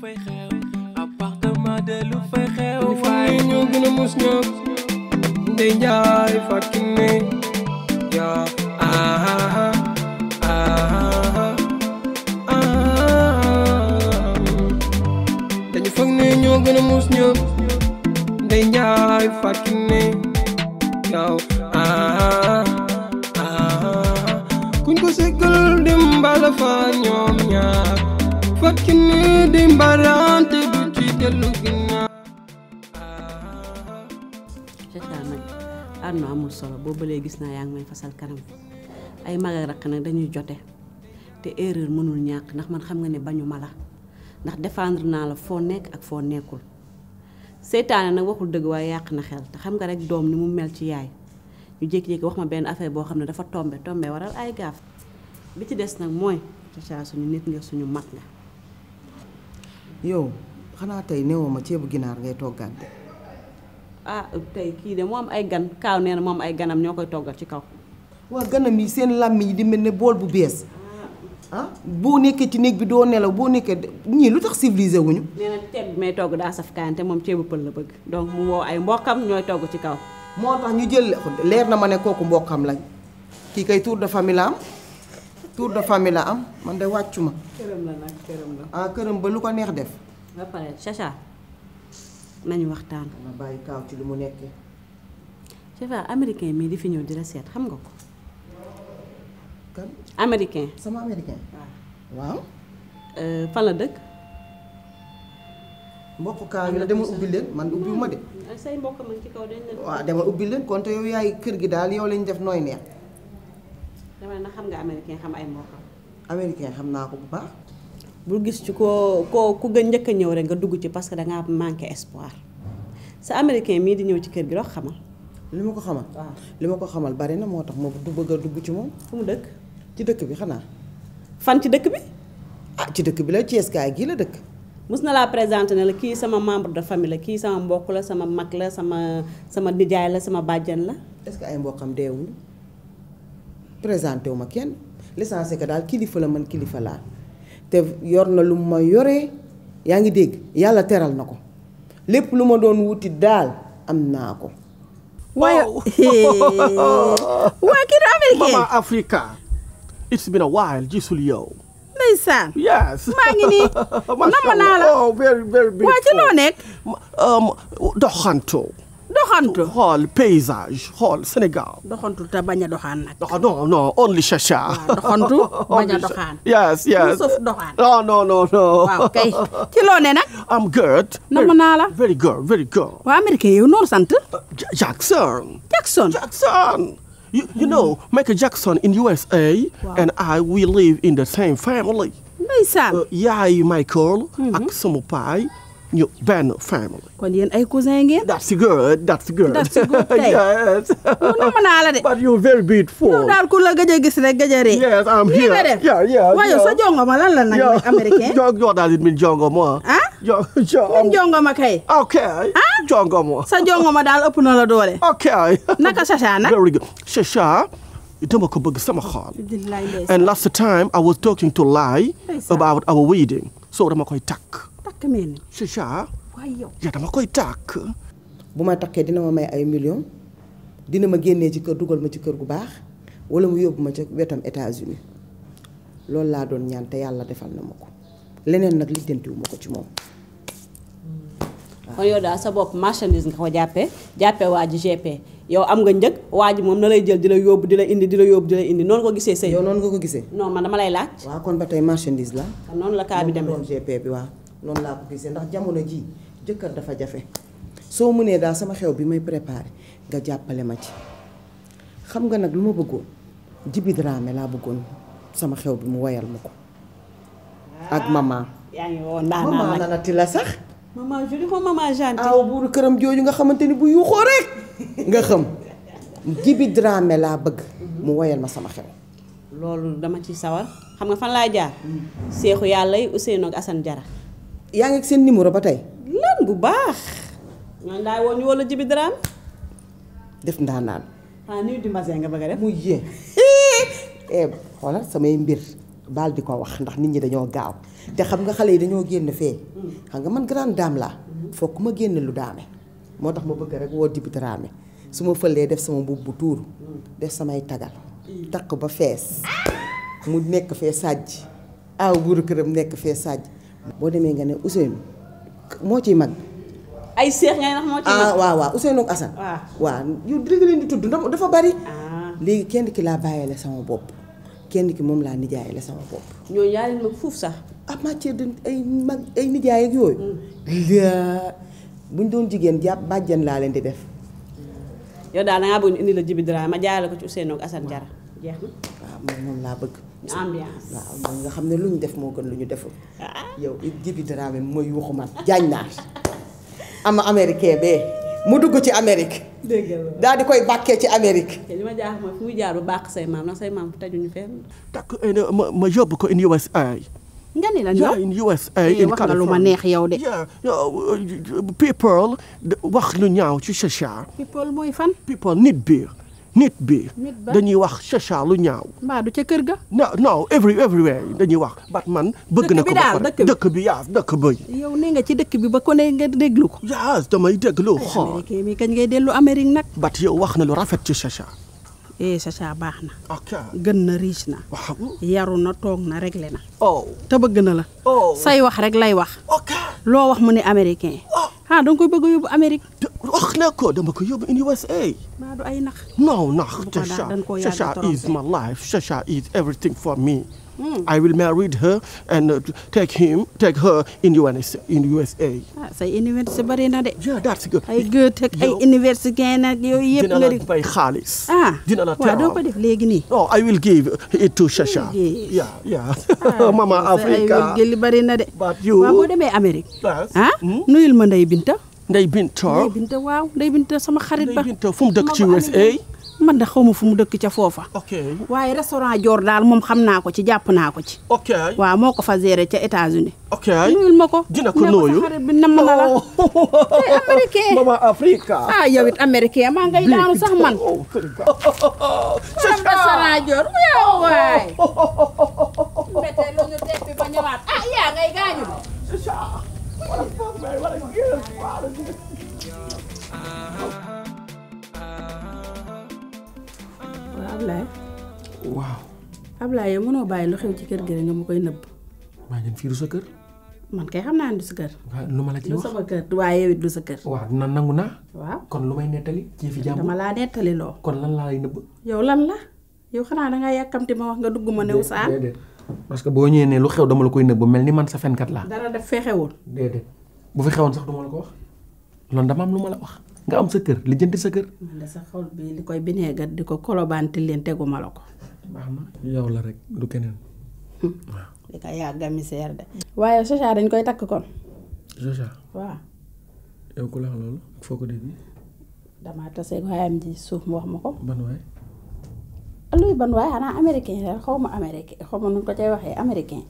fay xew appartement de lu fay xew waaye ñoo gën a mus ñëpp ndey njaay fàkki ne yaa aha aha dañu foog ne ñoo gën a mus ñëpp ndey njaay fàkki ne yow aha kuñ ko sekkal dem mbala fa ñoom ñaar ki ni di mbarante amul solo boo bëlee gis naa yaa ngi may fasal kanam ay mag ak rakk nag dañuy jote te erreur mënul ñàkk ndax man xam nga ni bañu ma la ndax defandre naa la foo nekk ak foo nekkul seytaane nag waxul dëgg waaye yàq na xel te xam nga rek doom ni mu mel ci yaay ñu jékki-jékki wax ma benn affaire boo xam ne dafa tombe tombe waral ay gaaf bi ci des nag mooy Chacha suñu nit nga suñu mat nga yow xanaa tey newoo ma ceebu ginaar ngay toggante. ah tey kii de moom ay gan kaaw nee moom ay ganam ñoo koy toggal ci kaw. waa ganam yi seen làmmiñ yi di mel ne bool bu bees. ah boo nekkee ci néeg bi doo nelaw boo nekkee ñii lu tax civilisé wuñu. nee na ceeb bi may togg daa saf kaante moom ceebu pël la bëgg donc mu woo ay mbokkam ñooy togg ci kaw. moo tax ñu jël leer na ma ne kooku mbokkam lañ kii kay tuur de famille tour de famille la am man de wàccu ma. këram la këram la. Ah, ba lu ko neex def. ba pare Chacha nañu waxtaan. dama kaaw ci lu mu nekkee. Chacha américain mii di fi ñëw di la seet xam nga ko. kan sama américain waaw. Euh, fan la dëkk. mbokk kaaw yi la demal ubbi leen man ubbiwuma de. say mbokk man ci kaw dañ leen. waaw demal ubbi leen konte yow yaay kër gi daal yow lañ def nooy neex. dama ne xam nga américain xam ay mbokkam américain xam naa ko bu baax bu gis ci ko ko ku gën njëkk a ñëw rek nga dugg ci parce que da ngaa manqué espoir sa américain mii di ñëw ci kër gi dox xamal li ma ko xamal li ma ko xamal bari na moo tax ma du bëgg a dugg ci moom fu mu dëkk ci dëkk bi xanaa fan ci dëkk bi ah ci dëkk bi la Thiès kaay gii la dëkk mus na laa présenté ne la kii sama membre de famille la kii sama mbokk la sama mag la sama sama nijaay la sama bàjjan la est ce que ay mbokkam deewuñu présenté wu ma kenn l'essentiel que daal kilifa la man kilifa laa te yor na lu ma yoree yaa ngi dégg yàlla teral na ko lépp lu ma doon wuti daal am naa ko. waaye waa kii américain mama Africa it's been a while gisul yow. ndeysaan. yes maa ngi nii. nama naa la. oh ci noo nekk. Um, doxantu. doxantu xool paysage xool Sénégal. doxantu te bañ a doxaan nag. dox non non only chacha. waaw ah, doxantu bañ a doxaan. yes yes suuf doxaan. non oh, non non non. waaw kay ci loo ne nag. I'm good. namm naa la. very good very good. waa américain yow noonu sant. Uh, Jackson. Jackson Jackson. You, you know, Michael Jackson in USA and I, we live in the same family. ndeysaan. Uh, yaay Michael. Mm-hmm. ak sama paay ñu benn family. kon yéen ay cousin ngeen. that's good that's good. that's good tey yes. Oh, mën naa la de. but you are very beautiful. yow daal ku la gëj gis rek gëj a yes I'm here yeah yeah. waaye sa jongo ma lan la nag mooy américain. jo jo it min jongo mo. ah jo jo. min jongo ma kay. ok ah jongo mo. sa jongo ma daal ëpp na la doole. ok naka Chacha nag. very good Chacha. dama ko bëgg sama xol. and last time I was talking to Lai about our wedding so dama koy takk. takk mel ni. Chicha. Ah. waaye yow ya dama koy takk. bu ma takkee dina ma may ay million dina ma génnee ci kër dugal ma ci kër gu baax wala mu yóbbu ma ca wetam États-Unis loolu laa doon ñaan yàlla defal na ma ko leneen nag lijjantiwu ko ci moom. kon yow daal sa bopp marchandise nga ko jàppee jàppee waa ji GP am nga njëg waa ji moom na lay jël di la yóbbu di la indi di la yóbbu di la indi ko gisee sëy yow nga ko gisee. non man dama lay laaj. waaw kon ba tey marchandise la. kon la kaa bi demee noonu laa ko gisee ndax jamono ji jëkkër dafa jafe soo mënee daal sama xew bi may préparé nga jàppale ma ci xam nga nag lu ma bëggoon Djiby Dramé laa bëggoon sama xew bi mu woyal ma ko ak ah, maman yaa ngi woo maman ti la sax maman joli ko maman Jeanne aw buuru këram jooju nga xamante ni bu yuuxoo rek nga laa bëgg mu woyal ma sama xew loolu dama ci sawar xam nga fan laa jaar hmm. seexu yàlla yi Ousseynou ak Assane Jara Yang ngi ak numéro ba lan bu baax. man day woñu wala jibi dram def ndaanaan. ha ah, ni di mbasin nga bëgg a def. muy yee. Eh, xoolal samay mbir bal di ko wax ndax nit ñi dañoo gaaw té xam nga xalé yi dañoo genn fé hmm. xam nga man grande dame la hmm. fokk ma genn lu daame. motax ma bëgg rek wo jibi dramé suma ma def sama mbubb bu tour hmm. def samay tagal. Tak ba fess mu nekk fé sajj aw buru kërëm nekk fé sajj boo demee nga ne Ousseynou moo ciy mag. ay seex ngay nax moo ci ah waaw waaw Ousseynou ak Assane. waaw waaw yow dëgg leen di tudd dafa bari. Ah. léegi kenn ki laa bàyyee la sama bopp kenn ki moom laa nijaayee la sama bopp. ñooñu yaa leen mag fuuf sax. ah matière de ay mag ay nijaay yooyu. Mm. laa buñ doon jigéen jàpp bàjjan laa leen di def. yow daal da ngaa bëgg indi la Djiby Dramé ma jaay la ko ci Ousseynou ak Assane Diarra jeex na. waaw ah, moom laa bëgg. ñu ambiance waaw mooy nga xam ne lu ñu def moo gën lu ñu deful. Ah. yow Djiby Dramé mooy waxuma jaañ naa ama américain bee mu dugg ci Amérique. dëgg daal di koy bàkkee ci Amérique. li muy jaar bu bàkk say maam ndax say maam tëjuñu fenn. takk eh, ma ma yóbbu ko in USA. nga ne la ñoom in USA eh, in wax lu ma neex yow de. Uh, people wax lu ñaaw ci Chacha. people mooy fan. people nit biir. nit bi dañuy wax chacha lu ñaaw. mbaa du ca kër ga. non non every everywhere dañuy wax Batman bëgg na ko ba pare dëkk bi yaas dëkk bëy. yow nee nga ci dëkk bi ba ko ne nga déglu ko. yaas damay déglu xool. mi kañ ngay dellu Amérique nag. bat yow wax na lu rafet ci chacha. eh chacha baax na. gën na riche na. yaru na toog na réglé na. oh te bëgg na la. Oh. say wax rek lay wax. loo wax mu ne américain. Oh. ah da koy bëgg a yóbbu أخلاقه ده مكيوب in USA ما أي نخ no نخ Shasha is my life Shasha is everything for me I will marry her and uh, take him, take her in USA. In USA. Ah، university de? Yeah, that's good. good, take university na yo yep khalis. Ah. Dinala tara. Wado pa legi ni. Oh, I will give it to Shasha. Yeah, yeah. Ah, Mama Africa. I will give na de. But you. Wa de me America. Yes. Ha? Ah, mm? manday binta. Ndeye Binta Ndeye waaw Ndeye Binta sama xarit ba Ndeye fu mu dëkk ci USA man de xaw ma fu mu dëkk ca foofa. ok waaye restaurant Dior daal moom xam naa ko ci jàpp naa ko ci. ok waaw moo ko fa géré ca États-Unis ok ma ko. dina ko nooyu xarit bi nam oh. ah yow it maa ngay daanu sax man. What waaw Ablaye. yow mënoo bàyyi lu xew ci kër gi rek nga ma koy nëbb. maa ngi fii du sa kër. man kay xam naa ne du sa kër. waaw lu ma la ci wax du sama kër du sa kër. waaw dina nangu naa. waaw kon lu may nettali. ci fi jàmbur dama laa nettali loo. kon lan laa lay nëbb. yow lan la yow xanaa da ngaa yàkkamti ma wax nga dugg ma new saan. parce que boo ñëwee ne lu xew dama la koy nëbb mel ni man sa kat la. dara def fee xewul. déedéet bu fi xewoon sax du ma la ko wax loolu dama am lu ma la wax nga am sa kër li jënd sa kër. man de sa xol bi li koy gat di ko kolobaantil leen tegu ma la ko. baax na yow la rek du keneen. waaw li ko yàgg a misère de. waaye Socha dañ koy takk kon. Socha waaw. yow ku la wax loolu foo ko déggee. damaa tase waayam ji suuf mu wax ma ko. ban waay luy ban waaye xanaa américain la xaw ma américain xaw ma nu ko cay waxee américain.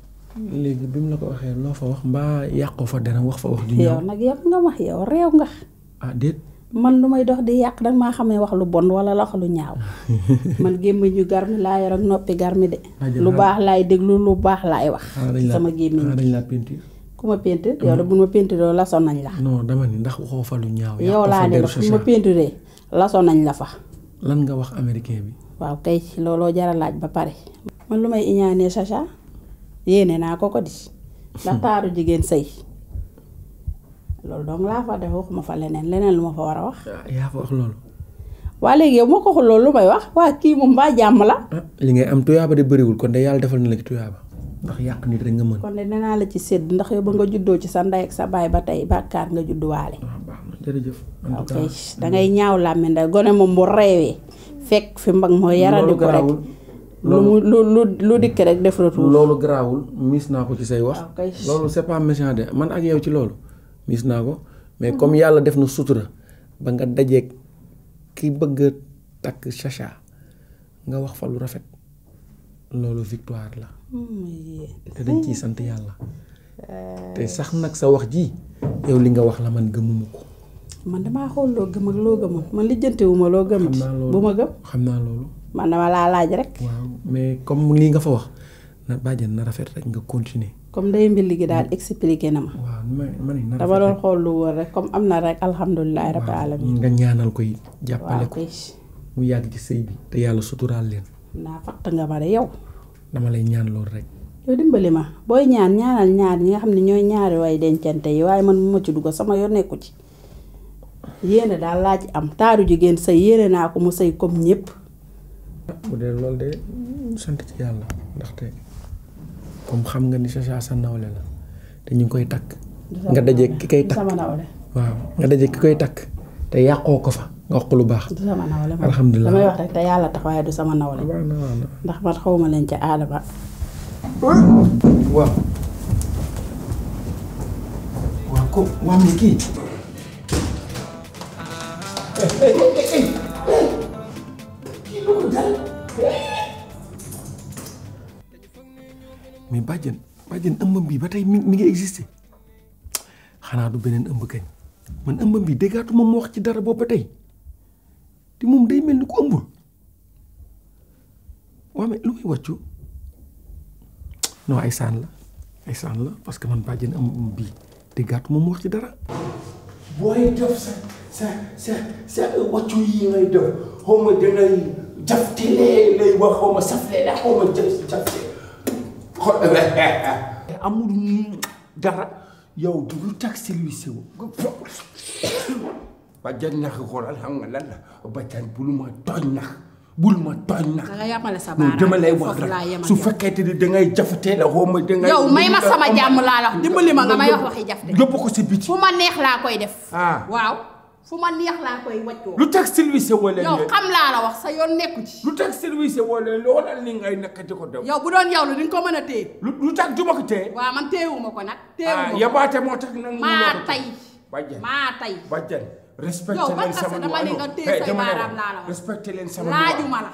léegi bi mu la ko waxee loo fa wax mbaa yàqu fa dana wax fa wax. di yow nag yàq nga wax yow réew nga. ah déet. man lu may dox di yàq dag maa xamee wax lu bon wala wax lu ñaaw man gémmiñ ñu gar mi laa yor ak noppi gar mi de. Ah, lu baax laay déglu lu baax laay wax. Ah, sama gémmiñ ah, dañ la peinture. ku ma peinture yow la bu ma peinture la lasoon nañ la. non dama ni ndax waxoo fa lu ñaaw. yow laa ne la fu ma peinturee lasoon nañ la fa. lan nga wax américain bi waaw kay looloo jara laaj ba pare. man lu may iñaanee Chacha yéene naa ko ko di. ndax taaru jigéen sëy loolu dong laa fa def waxuma fa leneen leneen lu ma fa war a wax. Ah, yaa fa wax loolu. waa léegi yow moo ko lolo loolu lu may wax waa kii moom mbaa jàmm la. Ah, li ngay am tuyaaba de bëriwul kon de yàlla defal na la ci tuyaaba ndax yàq nit rek nga mën. kon de danaa la ci sédd ndax yow ba nga juddoo ci sa nday ak sa baay ba tey bàkkaar nga judduwaale. Ah, waaw jërëjëf. da ngay ñaaw làmmiñ gone moom bu reewee fek fi mbag yara di ko rek lu lu lu lu dikk rek def retour lolu grawul mis naa ko ci say wax ah, lolu c'est pas méchant de man ak yow ci lolu mis naa ko mais comme mm-hmm. yalla def na sutura ba nga dajé ki bëgg tak chacha nga wax fa lu rafet lolu victoire la mm-hmm. te dañ ci sante yalla eh. té sax nak sa wax ji yow li nga wax la man gëmumuko man dama xol lo gëm ak lo gëm man lijjanti wu ma lo gëm xam bu ma gëm. xamna lolu man dama la laaj rek. waaw mais comme li nga fa wax na bàjjen na rafet rek nga continuer. comme day mbil gi daal expliquer na ma. waaw man man dama doon xool lu wër rek comme amna rek alhamdulilah rabbil alamin. nga ñaanal koy it. ko mu yag ci sey bi. te yalla sutural len na fat nga ma de yow. dama lay ñaan loolu rek. yow dimbali ma boy ñaan ñaanal ñaar ñi nga xamni ñoy ñaari way dencante yi way man mu ci dugg sama yo neeku ci. yéene daal laa ci am taaru jigéen sëy yéene naa ko mu sëy comme ñëpp. bu dee loolu de sant ci yàlla ndaxte comme xam nga ni Chacha sa nawle la te ñu koy takk. nga daje ki koy takk waaw koy takk te yàqoo ko fa nga wax lu baax. du sama te yàlla tax waaye du sama nawle. ndax man xaw ma leen ca aada ba. kii lu ko dal mais bàjjen bàjjen ëmbam bi ba tey mi mi ngi xanaa du beneen ëmb kañ man ëmbam bi déggaatuma mu wax ci dara boobu ba tey te moom day mel ni ku ëmbul waaw mais lu muy wàccu non ay saan la ay saan la parce que man bàjjen ëmbam bii déggaatuma mu wax ci dara. booy sa sa sa wàccu yi yow du lu tax service ba jan nax xoolal xam nga la ba jan bul ma tooñ nax bul ma tooñ nax. nga yamale sa baaraam dama lay wax su fekkee ne dangay jafte la xaw ma dangay. yow may ma sama jàmm laa la wax dimbali ma nga may wax waxi jafte. yóbbu ko si biti. fu ma neex laa koy def. Ah. waaw. fu man neex laa koy wàccoo. lu tax service woo leen. yow xam laa la wax sa yoon nekku ci. lu tax service woo leen loo waral ni ngay nekkati ko dem. bu doon yow la di nga ko mën a téye. lu lu tax du ma ko téye. waaw man téyewuma ko nag. téyewuma ah, ko moo tax nag. maa tay bajjan maa tay bajjan. respecté leen sama nuwaanu yow dama ne nga téye say baaraam laa la leen sama nuwaanu laajuma la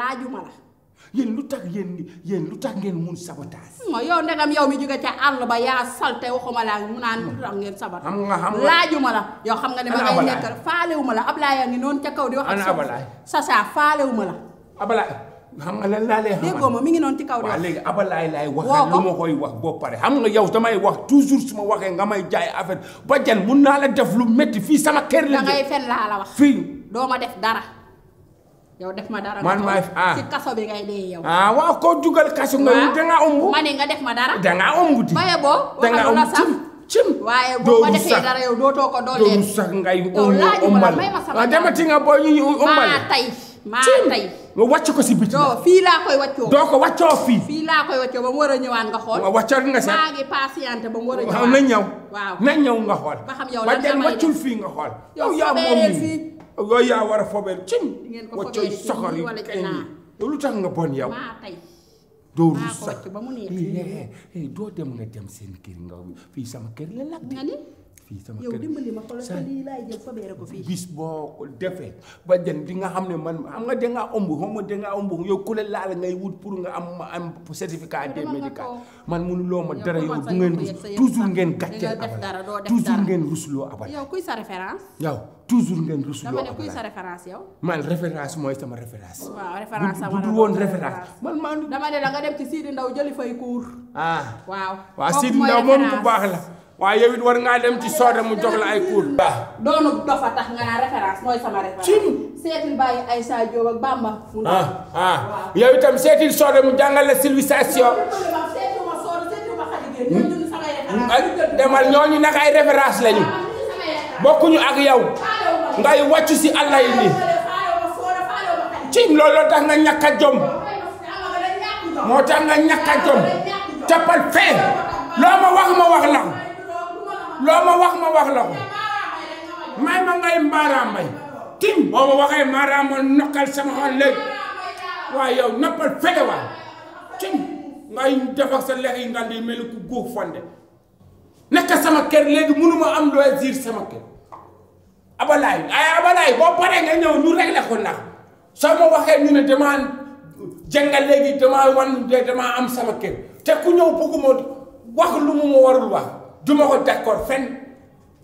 laajuma la. yéen lu tax yéen yéen lu tax ngeen mun sabotage. non yow ndegam yow mi jóge ca àll ba yaa salte waxuma laa mu naan lu tax ngeen sabotage. xam xam nga laajuma la. yow xam nga ne ma ngay nekk faalewuma la Ablaye a ngi noonu ca kaw di wax. ana Ablaye sa sa faalewuma la. xam nga lan laa lay xamal ma mi ngi noonu ci kaw léegi Ablaye laay wax. woo ma koy wax boo pare xam nga yow damay wax toujours su ma nga may affaire ba jan mun naa la def lu métti fii sama kër la. da ngay fen laa la wax fii doo ma def dara yow ya def ma dara man maay ah ci kasso bi ngay yow ah waaw ko jugal kasso nga da nga umbu mané nga def ma dara da nga umbu di baye ya, bo da nga umbu cim cim waye ya, bo ma defé dara yow doto ko dole do sax ngay umbu umbal wa demati nga bo ñu umbal ma tay ma tay nga wacc ko ci biti do fi la koy waccio do ko waccio fi fi la koy waccio ba mo wara ñewaan nga xol waccio nga sa patiente ba mo wara ñewaan na ñew waaw na ñew nga xol ba xam yow la waccul fi nga xol yow ya oh, mom awa yaa war a fobeel cim waccoy soxor yi kay nii lu tax nga bon yow doo rus sax doo dem na dem seen kër nga fii sama kër la lak fii sama kër yow dimbali ma xoolal sa lii laay jël fa beere ko fii bis boo ko defee ba jën di nga xam ne man xam nga dangaa ëmb xam nga dangaa ëmb yow ku la laal ngay wut pour nga am am certificat médical man mënuloo ma dara yow du ngeen rus toujours ngeen gàcceel abal toujours ngeen rusloo abal yow kuy sa référence yow toujours ngeen rusloo abal dama ne kuy sa référence yow man référence mooy sama référence waaw référence sama bu woon référence man maa dama ne la nga dem ci Sidi Ndaw jëli fay ah waaw waaw Sidi Ndaw moom baax la waaye yow it war ngaa dem ci sooda mu jox la ay cours. waaw doonu dofa tax nga naan référence mooy sama référence. ci seetil bàyyi ay Sa ak Bamba. ah ah yow itam seetil sooda mu jàngal la civilisation. demal ñooñu nag ay référence lañu. Ah, bokkuñu ak yow. ngay wàccu si àlla yi nii. ci looloo tax nga ñàkk a jom. moo tax nga ñàkk a jom. cappal fee. loo ma wax ma wax la loo ma wax ma wax la ko may ma ngay mbaaraam bay tim boo ma waxee maaraam ma nokkal sama xol léegi waaye yow noppal fege waay tim ngay def sa lex nga di mel ni ku góob fonde nekk sama kër léegi mënu ma am loisir sama kër abalaay ay abalaay boo paree nga ñëw lu réglé ko ndax soo ma waxee ñu ne damaa léegi damaa wan de damaa am sama kër te ku ñëw bëgguma wax lu mu ma warul wax. du ko d'accord fenn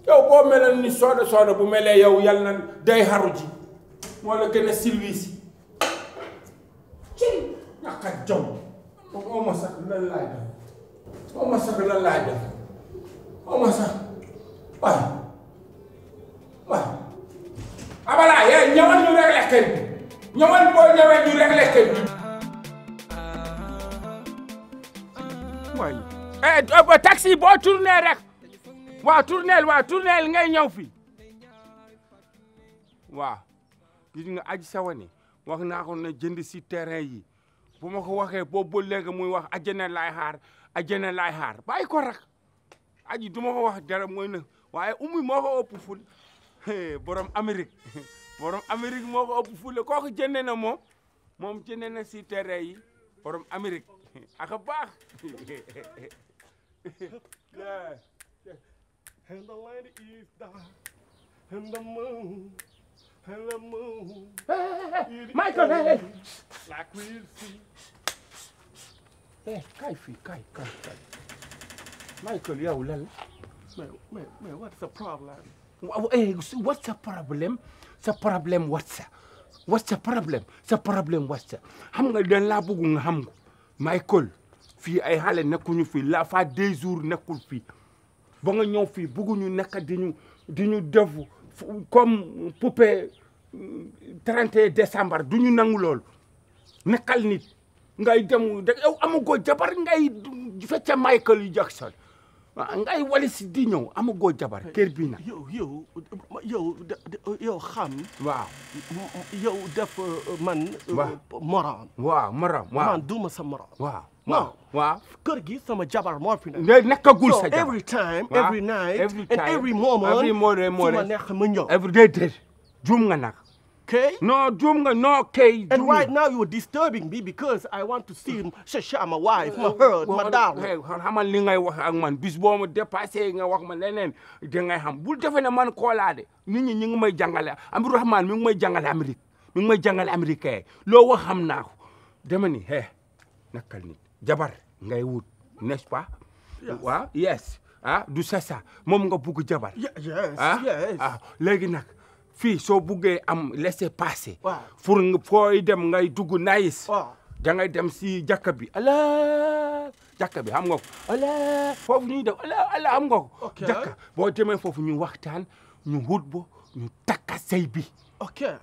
yow boo meloon ni sooda sooda bu melee yow yal na day xaru moo la gën a silwisi ci ñàkk moo ma sax sax lan laay def sax waaw waaw abala yee ñëwal rek lekkee bi ñëwal boo ñëwee ñu rek lekkee bi waaye Eh, taxi boo tourné rek waaw tournel waaw tournel ngay ñëw fii waaw nga aji sawane wax naa ko na jënd si terrain yi bu ma ko waxee boobu ba léegi muy wax ajjana laay xaar ajjana laay xaar bàyyi ko rek aji du ma ko wax dara mooy na waaye ummi moo ko ëpp ful borom Amérique borom Amérique moo ko ëpp ful kooku jënd na moom moom jënd na si terrain yi borom Amérique aka baax yeah, yeah. And the land is dark, and the moon, and the moon. Hey, Michael, hey! Like we see. Hey, cai, fi, cai, cai, cai. Michael, yeah, ulala. Man, what's the problem? Eh, what's the problem? The problem, what's the What's the problem? The problem, what's the? I'm going to Michael. fii ay xale nekkuñu fii la fa deux jours nekkul fii ba nga ñëw fii bugguñu nekk di ñu di comme poupée 31 euh, décembre du ñu nangu loolu nekkal nit ngay dem da yow amagoo jabar ngay fecca Michael Jackson ah, ngay walis di ñëw amagoo jabar kër bi na yow yow yow yow xam waaw yow def euh, man euh, morom waaw morom waaw man duma non waaw kër gi sama jabar moo fi nekk. nekkagul sa jabar every time every night every moment every morning ma neex ma ñëw. every day day juum nga nag. Okay. No, Jumga, no, okay. And Jumga. right now you're disturbing me because I want to see Shasha, my wife, my herd, my dog. Hey, xamal li ngay wax ak man bis boo ma dépassé nga wax ma leneen da ngay xam bul defe ne man koolaa de nit ñi ñu ngi may jàngale Amadou Rahman mi ngi may jàngale Amérique mi ngi may jàngale loo wax xam naa ko dama ni jabar ngay wut n'est-ce pas wa yes ah du sasa mom nga bugu jabar ah ah nak, nak fi so am laisser passer nga foy dem ngay nice, wow. da ngay dem si jakka bi ala jakka bi xam nga ala foofu ñuy def ala ala xam nga okay. jakka bo demé foofu ñu waxtaan ñu wut bo ñu takka sey bi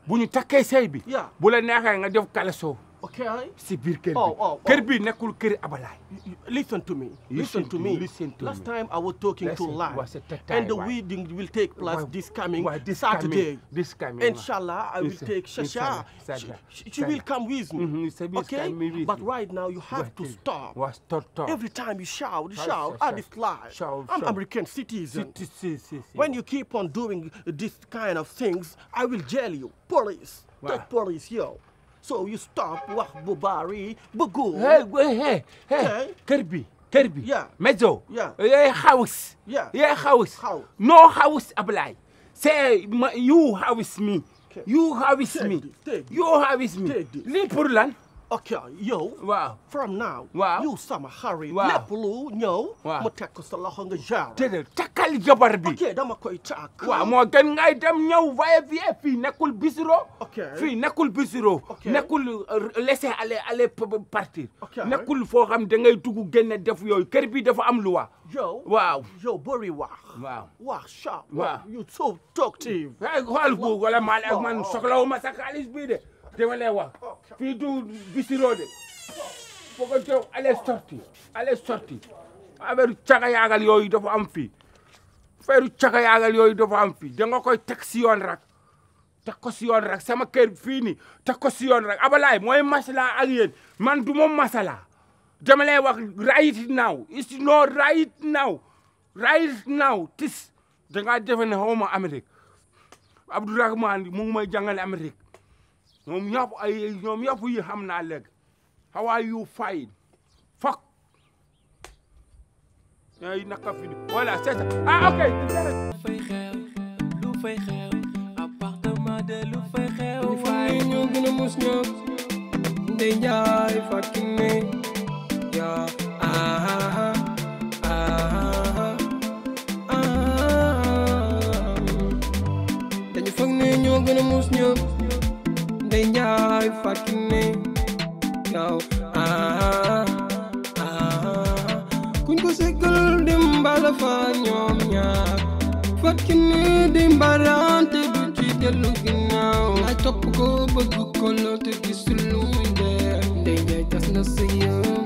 bu ñu takkee sey bi ya. bu la neexee nga def kalaso Okay. si biir kër oh, oh, oh. nekkul kër listen to me. listen, to me last time I was talking to live. and the wedding will take place this coming Saturday. Inshallah, I will take Shasha. She, will come with me. Mm-hmm, but right now you have to stop. Every time you shout, shout American citizen. When you keep on doing this kind of things, I will jail you. Police, take police here. so you stop wax bu bari bu good. hey hey kër bi kër bi. yeah mezzo. yeah yeah house. yeah yeah house. house no house Ablaye. say you house me. you house me. you house lan. ok yow. waaw from now. waaw sama xarit. waaw lépp lu ñëw. waaw mu ko sa loxo nga jaar. déedéet bi. dama koy takk. waaw moo gën ngay dem ñëw vaillé vie eh, fii nekkul bisiro. ok fii nekkul bisiro. ok nekkul euh, laisser aller aller partir. nekkul foo xam da ngay dugg génne defu yooyu kër bi dafa am luwa wa. yow waaw yow bëri wax. waaw wax sa. waaw you so talkative. waaw eh, xool bu wala man soxlawu ma sa bii de. dama lay wax fii du bisiroo de foog teew allez sorti allez sorti affaire caga yaagal yooyu dafa am fii affaire caga yaagal yooyu dafa am fii da nga koy teg si yoon rek teg ko si yoon rek sama kër fii nii teg ko si yoon rek abalaay mooy masala ak yéen man du ma masala dama lay wax right now is no right now right now tis da ngaa defe ne xaw ma Amérique Abdourahmane mu ngi may jàngale Amérique ñoom ñëpp yi xam naa léegi how are you fine fuck ay naka fi voilà c'est ça ah ok fay xew lu fay xew appartement de lu fay xew fay ñoo gën a mus ñëpp ndey njaay fucking ne yaa ah, ah, ah, gën a mus Kenya, fucking name. Yo, ah, ah. Kun ko sikul dimbala fa ñoom ñaar. Fucking ni dimbalante du ci dellu ginnaaw. Ay topp ko bëgg ko loo te gisul lu mu dee. Ndey njaay tas